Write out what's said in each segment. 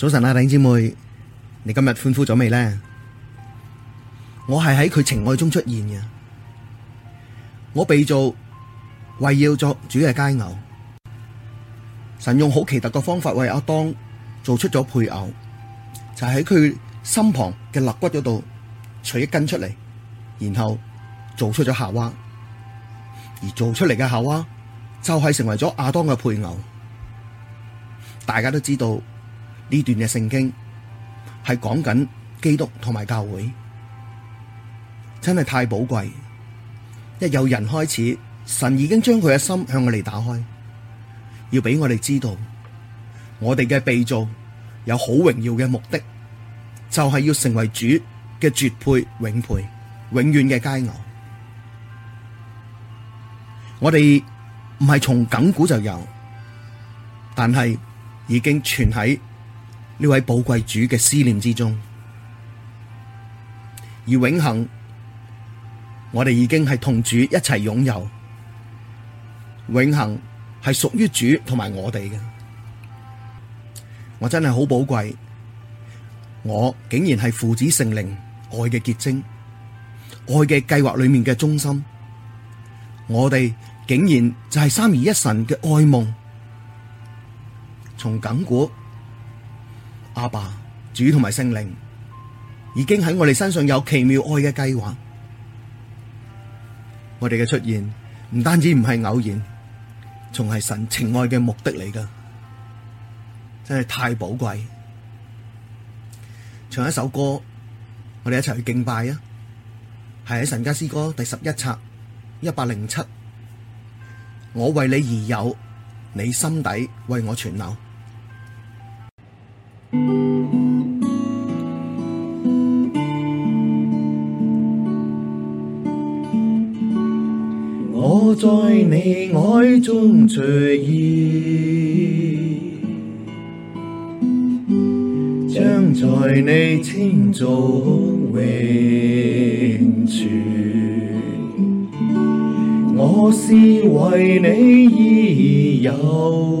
早晨啊，弟兄姊妹，你今日歡呼咗未呢？我係喺佢情愛中出現嘅，我被做為要作主嘅佳偶。神用好奇特嘅方法為阿當做出咗配偶，就喺、是、佢身旁嘅肋骨嗰度取一根出嚟，然後做出咗夏娃，而做出嚟嘅夏娃就係成為咗亞當嘅配偶。大家都知道。呢段嘅聖經係講緊基督同埋教會，真係太寶貴。一有人開始，神已經將佢嘅心向我哋打開，要俾我哋知道，我哋嘅被造有好榮耀嘅目的，就係、是、要成為主嘅絕配、永配、永遠嘅佳偶。我哋唔係從亙古就有，但係已經存喺。呢位寶貴主嘅思念之中，而永恒，我哋已經係同主一齊擁有。永恒係屬於主同埋我哋嘅，我真係好寶貴。我竟然係父子聖靈愛嘅結晶，愛嘅計劃裏面嘅中心，我哋竟然就係三而一神嘅愛夢，從亙古。阿爸、主同埋聖靈，已經喺我哋身上有奇妙愛嘅計劃。我哋嘅出現唔單止唔係偶然，仲係神情愛嘅目的嚟㗎，真係太寶貴。唱一首歌，我哋一齊去敬拜啊！係喺神家詩歌第十一冊一百零七，我為你而有，你心底為我存留。我在你愛中出現，將在你情中永存。我是為你而有。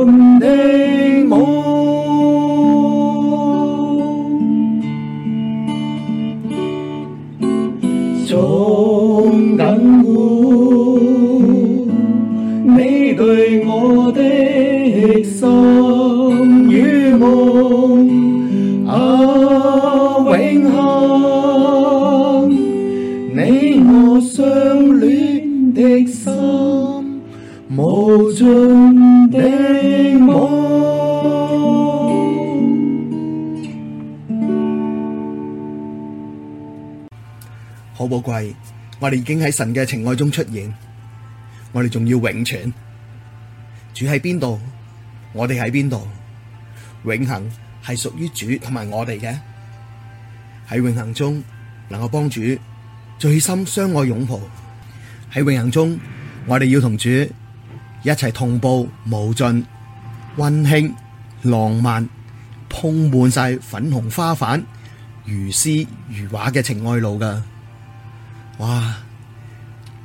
貴，我哋已經喺神嘅情愛中出現，我哋仲要永存。主喺邊度，我哋喺邊度。永恆係屬於主同埋我哋嘅。喺永恆中，能夠幫主最深相愛擁抱。喺永恆中，我哋要同主一齊同步無盡溫馨浪漫，鋪滿晒粉紅花瓣，如詩如畫嘅情愛路㗎。哇！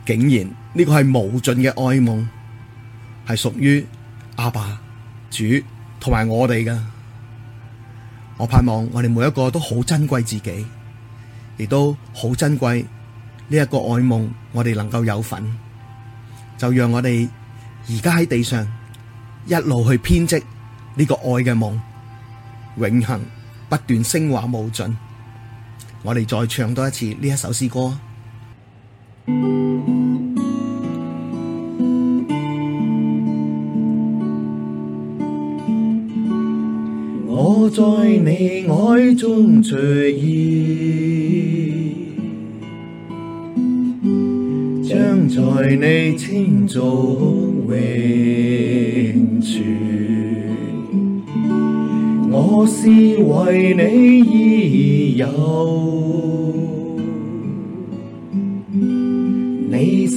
竟然呢個係無盡嘅愛夢，係屬於阿爸、主同埋我哋噶。我盼望我哋每一個都好珍貴自己，亦都好珍貴呢一個愛夢。我哋能夠有份，就讓我哋而家喺地上一路去編織呢個愛嘅夢，永恆不斷升華無盡。我哋再唱多一次呢一首詩歌。我在你愛中隨意，將在你清早永存。我是為你而有。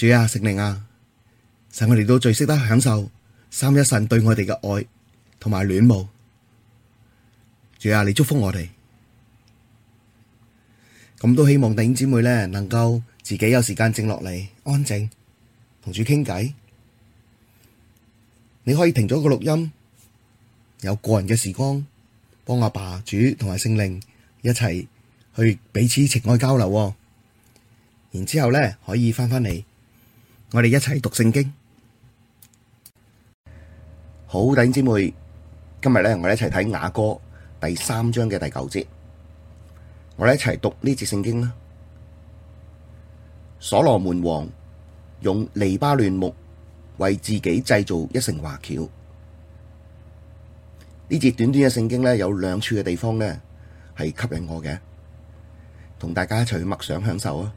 主啊，聖靈啊，使我哋都最識得享受三一神對我哋嘅愛同埋戀慕。主啊，你祝福我哋，咁都希望弟兄姊妹咧，能夠自己有時間靜落嚟，安靜同主傾偈。你可以停咗個錄音，有個人嘅時光幫阿爸、主同埋聖靈一齊去彼此情愛交流。然之後咧，可以翻翻嚟。我哋一齊讀聖經，好，弟兄姊妹，今日咧，我哋一齊睇雅歌第三章嘅第九節，我哋一齊讀呢節聖經啦。所羅門王用利巴嫩木為自己製造一乘華轎。呢節短短嘅聖經咧，有兩處嘅地方咧係吸引我嘅，同大家一齊去默想享受啊！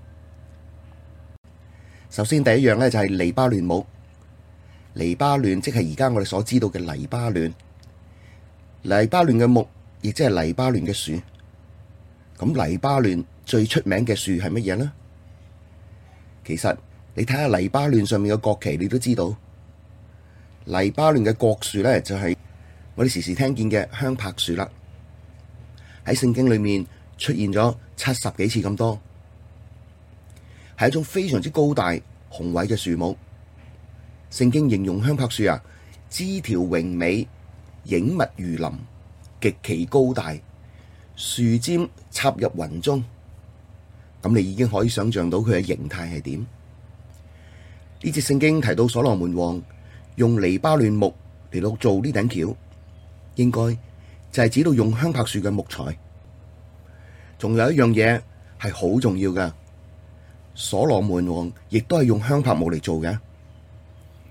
首先第一樣咧就係黎巴嫩木，黎巴嫩即係而家我哋所知道嘅黎巴嫩，黎巴嫩嘅木亦即係黎巴嫩嘅樹。咁黎巴嫩最出名嘅樹係乜嘢呢？其實你睇下黎巴嫩上面嘅國旗，你都知道黎巴嫩嘅國樹咧就係我哋時時聽見嘅香柏樹啦。喺聖經裏面出現咗七十幾次咁多。係一種非常之高大宏偉嘅樹木。聖經形容香柏樹啊，枝條榮美，影密如林，極其高大，樹尖插入雲中。咁你已經可以想象到佢嘅形態係點？呢節聖經提到所羅門王用利巴嫩木嚟到做呢頂轎，應該就係指到用香柏樹嘅木材。仲有一樣嘢係好重要㗎。所羅門王亦都係用香柏木嚟做嘅，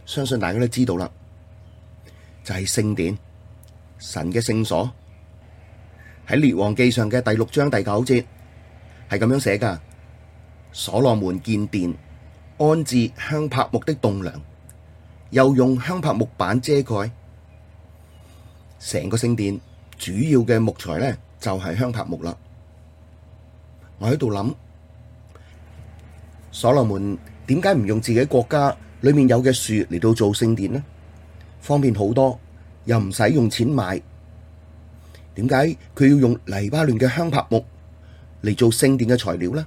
相信大家都知道啦，就係聖殿神嘅聖所。喺列王記上嘅第六章第九節係咁樣寫噶，所羅門建殿，安置香柏木的棟梁，又用香柏木板遮蓋。成個聖殿主要嘅木材呢，就係香柏木啦，我喺度諗。所羅門點解唔用自己國家裏面有嘅樹嚟到做聖殿呢？方便好多，又唔使用，用錢買。點解佢要用利巴嫩嘅香柏木嚟做聖殿嘅材料呢？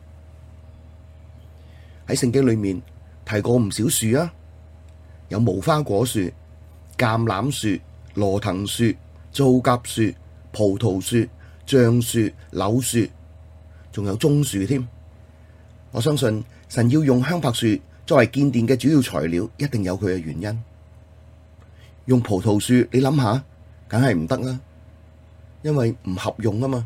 喺聖經裏面提過唔少樹啊，有無花果樹、橄欖樹、羅藤樹、皂莢樹、葡萄樹、橡樹、柳樹，仲有棕樹添。我相信。神要用香柏樹作為建殿嘅主要材料，一定有佢嘅原因。用葡萄樹，你諗下，梗係唔得啦，因為唔合用啊嘛。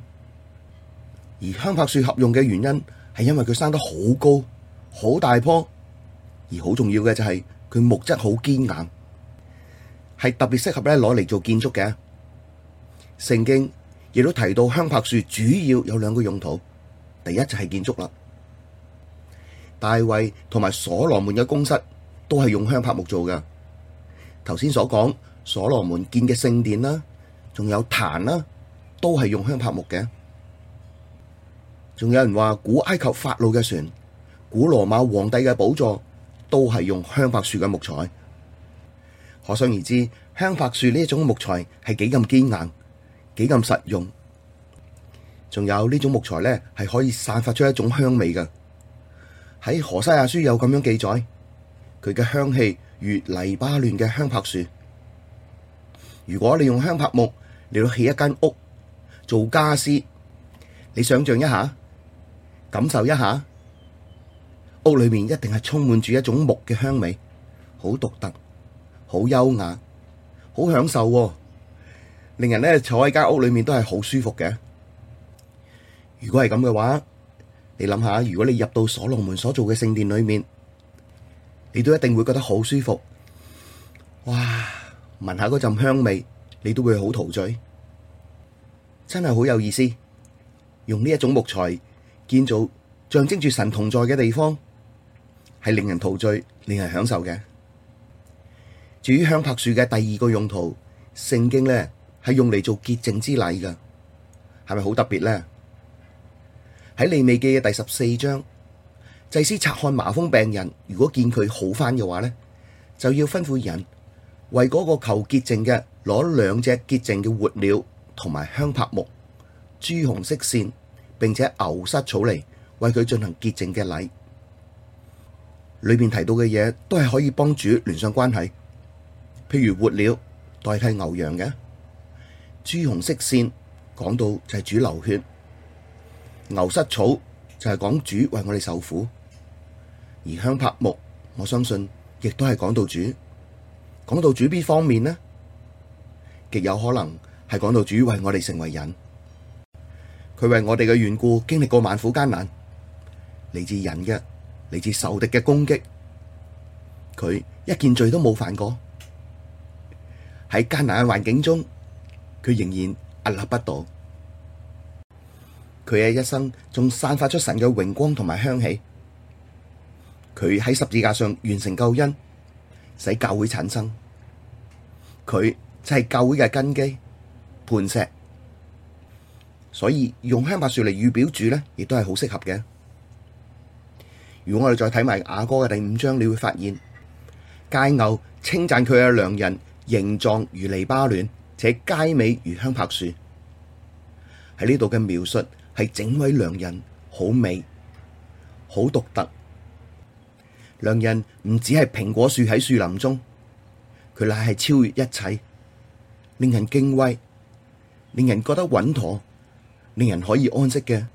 而香柏樹合用嘅原因，係因為佢生得好高，好大棵，而好重要嘅就係佢木質好堅硬，係特別適合咧攞嚟做建築嘅。聖經亦都提到香柏樹主要有兩個用途，第一就係建築啦。大衛同埋所羅門嘅宮室都係用香柏木做嘅。頭先所講所羅門建嘅聖殿啦、啊，仲有壇啦、啊，都係用香柏木嘅。仲有人話古埃及法老嘅船、古羅馬皇帝嘅寶座都係用香柏樹嘅木材。可想而知，香柏樹呢一種木材係幾咁堅硬、幾咁實用。仲有呢種木材咧，係可以散發出一種香味嘅。喺《何西阿書》有咁樣記載，佢嘅香氣如黎巴嫩嘅香柏樹。如果你用香柏木嚟到起一間屋做家私，你想象一下，感受一下，屋裏面一定係充滿住一種木嘅香味，好獨特，好優雅，好享受啊，令人咧坐喺間屋裏面都係好舒服嘅。如果係咁嘅話。你諗下，如果你入到所羅門所做嘅聖殿裏面，你都一定會覺得好舒服。哇！聞下嗰陣香味，你都會好陶醉。真係好有意思。用呢一種木材建造，象徵住神同在嘅地方，係令人陶醉、令人享受嘅。至於香柏樹嘅第二個用途，聖經咧係用嚟做潔淨之禮噶，係咪好特別咧？喺利未記嘅第十四章，祭司察看麻風病人，如果見佢好翻嘅話呢，就要吩咐人為嗰個求潔淨嘅攞，兩隻潔淨嘅活鳥同埋香柏木、朱紅色線，並且牛虱草嚟為佢進行潔淨嘅禮。裏面提到嘅嘢都係可以幫主聯上關係，譬如活鳥代替牛羊嘅，朱紅色線講到就係主流血。牛膝草就係講主為我哋受苦，而香柏木我相信亦都係講到主，講到主邊方面呢，極有可能係講到主為我哋成為人，佢為我哋嘅緣故經歷過萬苦艱難，嚟自人嘅，嚟自仇敵嘅攻擊，佢一件罪都冇犯過，喺艱難嘅環境中，佢仍然屹立不倒。佢嘅一生仲散發出神嘅榮光同埋香氣，佢喺十字架上完成救恩，使教會產生，佢就係教會嘅根基磐石，所以用香柏樹嚟預表主呢，亦都係好適合嘅。如果我哋再睇埋雅歌嘅第五章，你會發現，佳偶稱讚佢嘅良人，形狀如利巴嫩，且佳美如香柏樹，喺呢度嘅描述。係整位良人，好美、好獨特。良人唔只係蘋果樹喺樹林中，佢乃係超越一切，令人敬畏，令人覺得穩妥，令人可以安息嘅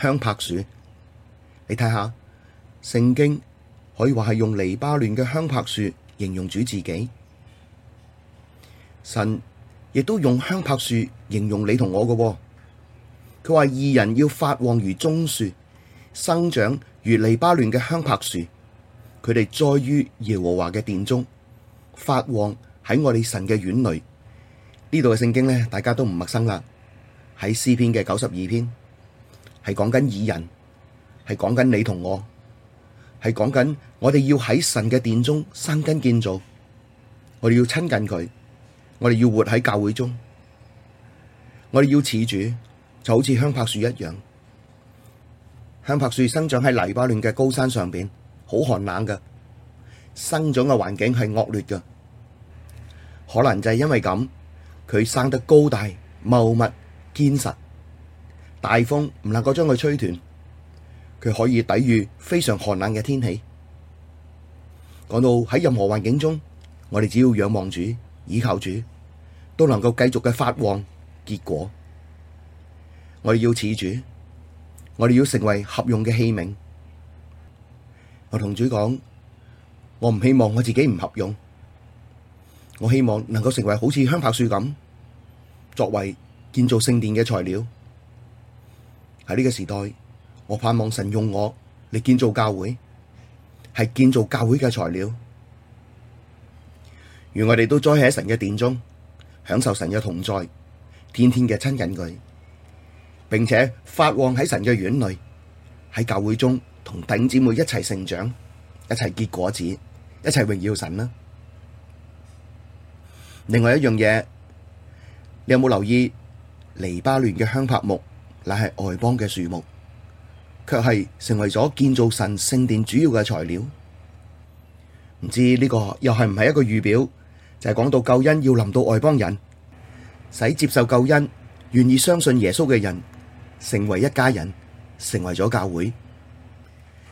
香柏樹。你睇下，聖經可以話係用利巴嫩嘅香柏樹形容主自己。神亦都用香柏樹形容你同我嘅。佢話義人要發旺如棕樹，生長如利巴嫩嘅香柏樹。佢哋栽於耶和華嘅殿中，發旺喺我哋神嘅院裡。裡聖呢度嘅聖經咧，大家都唔陌生啦。喺詩篇嘅九十二篇係講緊義人，係講緊你同我，係講緊我哋要喺神嘅殿中生根建造。我哋要親近佢，我哋要活喺教會中，我哋要似主，就好似香柏樹一樣，香柏樹生長喺黎巴嫩嘅高山上邊，好寒冷嘅，生長嘅環境係惡劣嘅，可能就係因為咁，佢生得高大茂密堅實，大風唔能夠將佢吹斷，佢可以抵禦非常寒冷嘅天氣。講到喺任何環境中，我哋只要仰望主，倚靠主，都能夠繼續嘅發旺結果。我哋要似主，我哋要成為合用嘅器皿。我同主講，我唔希望我自己唔合用，我希望能夠成為好似香柏樹咁，作為建造聖殿嘅材料。喺呢個時代，我盼望神用我嚟建造教會，係建造教會嘅材料。願我哋都栽喺神嘅殿中，享受神嘅同在，天天嘅親近佢。並且發旺喺神嘅院裏，喺教會中同弟兄姊妹一齊成長，一齊結果子，一齊榮耀神啦。另外一樣嘢，你有冇留意？利巴嫩嘅香柏木乃係外邦嘅樹木，卻係成為咗建造神聖殿主要嘅材料。唔知呢個又係唔係一個預表？就係、是、講到救恩要臨到外邦人，使接受救恩、願意相信耶穌嘅人。成為一家人，成為咗教會，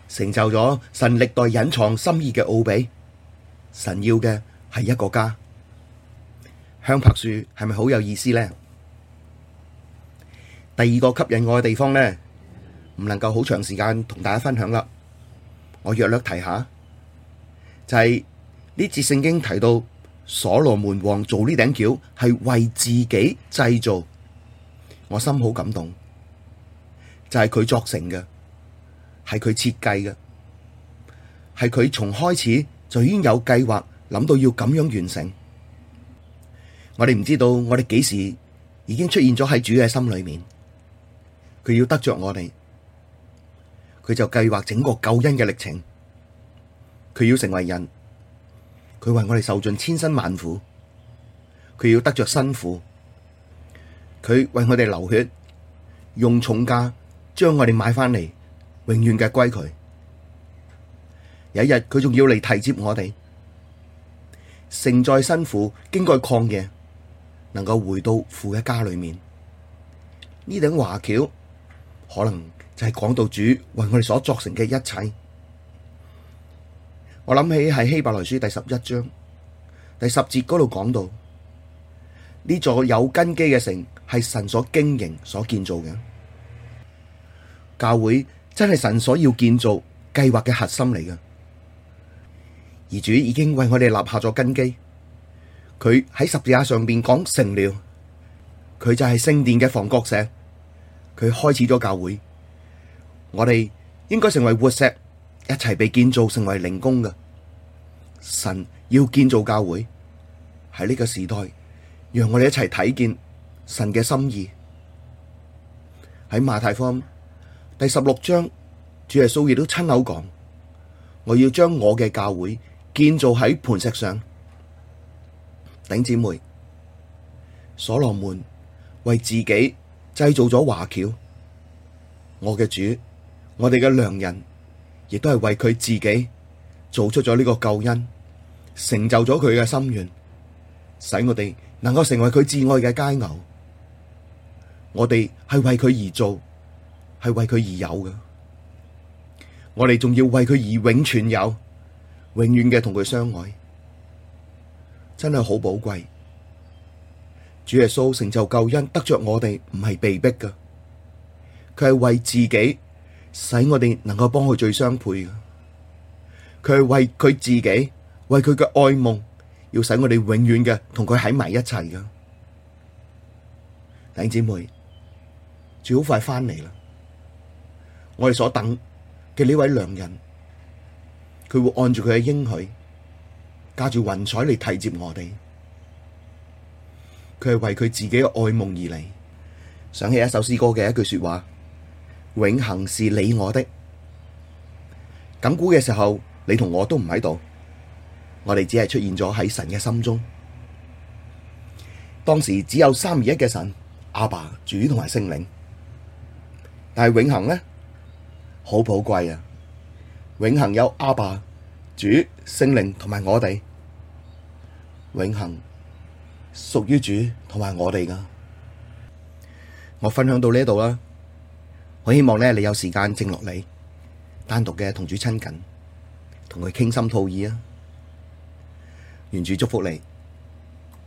成就咗神歷代隱藏心意嘅奧秘。神要嘅係一個家。香柏樹係咪好有意思呢？第二個吸引我嘅地方呢，唔能夠好長時間同大家分享啦。我略略提下，就係呢節聖經提到所羅門王做呢頂轎係為自己製造，我心好感動。就係佢作成嘅，係佢設計嘅，係佢從開始就已經有計劃諗到要咁樣完成。我哋唔知道我哋幾時已經出現咗喺主嘅心裏面，佢要得着我哋，佢就計劃整個救恩嘅歷程。佢要成為人，佢為我哋受盡千辛萬苦，佢要得着辛苦，佢為我哋流血，用重價。將我哋買翻嚟，永遠嘅歸佢。有一日佢仲要嚟提接我哋，承在辛苦經過曠野，能夠回到父嘅家裏面。呢頂華轎可能就係講到主為我哋所作成嘅一切。我諗起喺希伯來書第十一章第十節嗰度講到，呢座有根基嘅城係神所經營所建造嘅。教會真係神所要建造計劃嘅核心嚟㗎，而主已經為我哋立下咗根基。佢喺十字架上面講成了，佢就係聖殿嘅房角石，佢開始咗教會。我哋應該成為活石，一齊被建造成為靈宮嘅。神要建造教會，喺呢個時代，讓我哋一齊睇見神嘅心意。喺馬太福第十六章，主耶穌亦都親口講：我要將我嘅教會建造喺磐石上。頂姊妹，所羅門為自己製造咗華轎，我嘅主，我哋嘅良人，亦都係為佢自己做出咗呢個救恩，成就咗佢嘅心願，使我哋能夠成為佢至愛嘅佳偶。我哋係為佢而做。係為佢而有嘅，我哋仲要為佢而永存有，永遠嘅同佢相愛，真係好寶貴。主耶穌成就救恩，得着我哋唔係被逼㗎，佢係為自己，使我哋能夠幫佢最相配嘅，佢係為佢自己，為佢嘅愛夢，要使我哋永遠嘅同佢喺埋一齊嘅。弟兄姊妹，最好快翻嚟啦！我哋所等嘅呢位良人，佢會按住佢嘅應許，駕住雲彩嚟提接我哋。佢係為佢自己嘅愛夢而嚟。想起一首詩歌嘅一句說話：永恆是你我的。亙古嘅時候，你同我都唔喺度，我哋只係出現咗喺神嘅心中。當時只有三而一嘅神阿爸主同埋聖靈，但係永恆呢？好寶貴啊！永恆有阿爸、主、聖靈同埋我哋，永恆屬於主同埋我哋噶。我分享到呢度啦，我希望咧你有時間靜落嚟，單獨嘅同主親近，同佢傾心吐意啊！願主祝福你。